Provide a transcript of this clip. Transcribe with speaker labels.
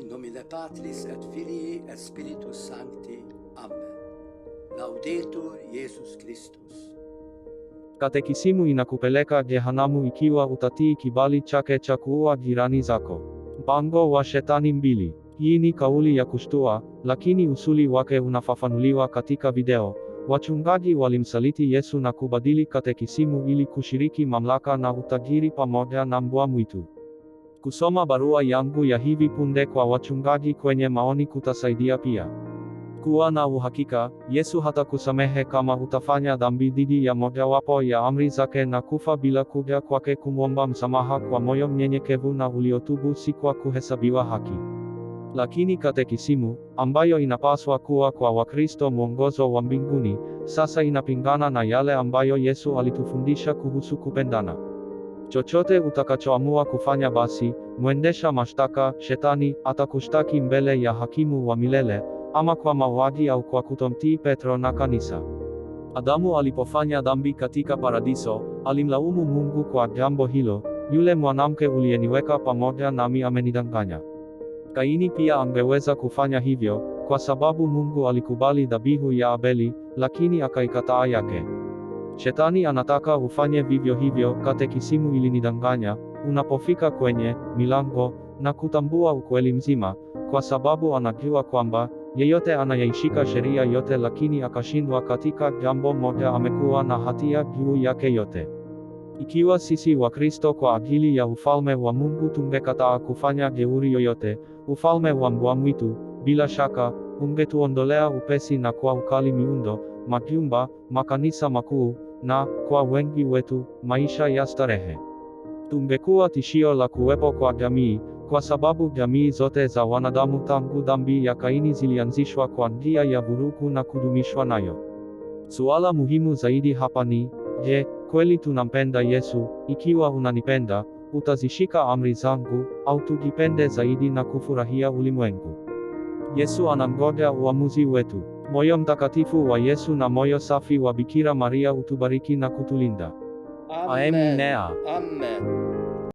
Speaker 1: In nomine Patris et Filii et Spiritus Sancti. Amen. Laudetur Jesus Christus. Katekisimu inakupeleka jehanamu ikiwa utatii kibali chake cha kuua jirani zako. Mpango wa Shetani mbili. Hii ni kauli ya kushtua, lakini usuli wake unafafanuliwa katika video. Wachungaji walimsaliti Yesu na kubadili katekisimu ili kushiriki mamlaka na utajiri pamoja na mbwa mwitu. Kusoma barua yangu ya hivi punde kwa wachungaji kwenye maoni kutasaidia pia. Kuwa na uhakika, Yesu hata kusamehe kama utafanya dhambi dhidi ya mojawapo ya amri zake na kufa bila kuja kwake kumwomba msamaha kwa moyo mnyenyekevu na uliotubu, si kwa kuhesabiwa haki. Lakini katekisimu, ambayo inapaswa kuwa kwa Wakristo mwongozo wa mbinguni, sasa inapingana na yale ambayo Yesu alitufundisha kuhusu kupendana. Chochote utakachoamua kufanya basi, mwendesha mashtaka shetani atakushtaki mbele ya hakimu wa milele, ama kwa mauaji au kwa kutomtii Petro na kanisa. Adamu alipofanya dhambi katika paradiso, alimlaumu Mungu kwa jambo hilo, yule mwanamke uliyeniweka pamoja nami amenidanganya. Kaini pia angeweza kufanya hivyo, kwa sababu Mungu alikubali dhabihu ya Abeli, lakini akaikataa yake. Shetani anataka ufanye vivyo hivyo. Katekisimu ilinidanganya. Unapofika kwenye milango na kutambua ukweli mzima, kwa sababu anajua kwamba yeyote anayeishika sheria yote lakini akashindwa katika jambo moja, amekuwa na hatia juu yake yote. Ikiwa sisi wa Kristo kwa ajili ya ufalme wa Mungu tungekataa kufanya jeuri yoyote, ufalme wa mbwa mwitu bila shaka ungetuondolea upesi na kwa ukali miundo majumba, makanisa makuu na kwa wengi wetu maisha ya starehe. Tumekuwa tishio la kuwepo kwa jamii, kwa sababu jamii zote za wanadamu tangu dhambi ya Kaini zilianzishwa kwa njia ya vurugu na kudumishwa nayo. Suala muhimu zaidi hapa ni je, kweli tunampenda Yesu? Ikiwa unanipenda, utazishika amri zangu, au tujipende zaidi na kufurahia ulimwengu? Yesu anangoja uamuzi wetu. Moyo mtakatifu wa Yesu na moyo safi wa Bikira Maria utubariki na kutulinda. Amen. Amen. Amen.